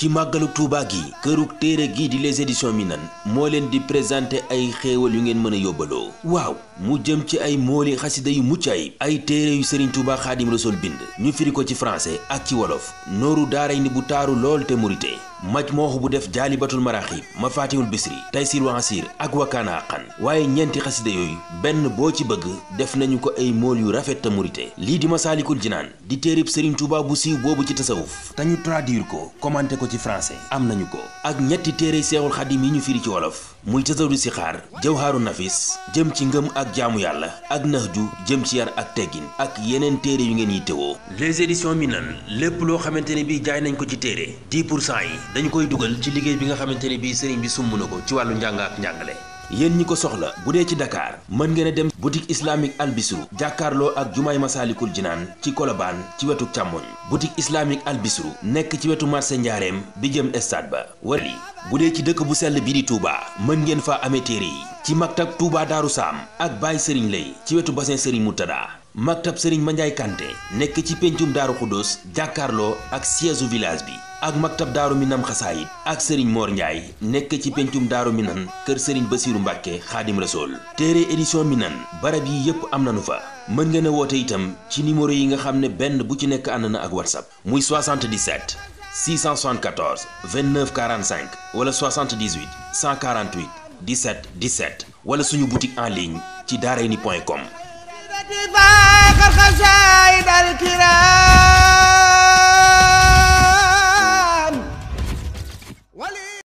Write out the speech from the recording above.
ci màggalu Touba gi kërug téere gii di les éditions Minane moo leen di présenté ay xéewal yu ngeen mën a yóbbaloo waaw mu jëm ci ay mooli xasida yu mucc ayib ay téere yu Serigne Touba Xaadim Rasul bind ñu firi ko ci français ak ci wolof nooru daaray ni bu taaru lool te murite majmuuh bu def jaalibatul maraaxib mafaatihul bisri taysiir wa asiir ak wakaana xan waaye ñeenti xasida yooyu benn boo ci bëgg def nañu ko ay mool yu rafet te murite lii di ma masaalikul jinaan di téereb Serigne Touba bu siiw boobu ci tasawuf te ñu traduire ko commenté ko ci français am nañu ko ak ñetti téere seexul xadim yi ñu firi ci wolof muy tasawdu si xaar jawhaaru nafis jëm ci ngëm ak jaamu yàlla ak nahju jëm ci yar ak teggin ak yeneen téere yu ngeen yittewoo les éditions Minane lépp loo xamante ne bii jaay nañ ko ci téere 10 pour cent yi dañu koy dugal ci liggéey bi nga xamante ne bii sëriñ bi sumb na ko ci wàllu njàng ak njàngale. yéen ñi ko soxla bu dee ci dakaar mën ngeen a dem boutique islamique albisu jàkkaarloo ak jumaay masaalikul jinaan ci kolobaan ci wetu càmmoñ boutique islamique albisu nekk ci wetu marché njaareem bi jëm stade ba wali bu dee ci dëkk bu sell bi di Touba mën ngeen fa amee téere yi ci maktab tuubaa Daaru Saam ak Baye Serigne lay ci wetu bassin Serigne Moutada maktab sëriñ Mandiaye Kanté nekk ci pencum daaru xuddos jàkkaarloo ak siège village bi ak maktab daaru minam xasaayit ak sëriñ Mor Ndiaye nekk ci pencum daaru minan kër sëriñ Basiiru Mbàkke xaadim rasool téere édition minan barab yi yépp am nanu fa mën ngeen a woote itam ci numéro yi nga xam ne benn bu ci nekk ànd na ak whatsapp muy 77 674 29 45 wala 78 148 17 17 wala suñu boutique en ligne ci daarayni point com Divine.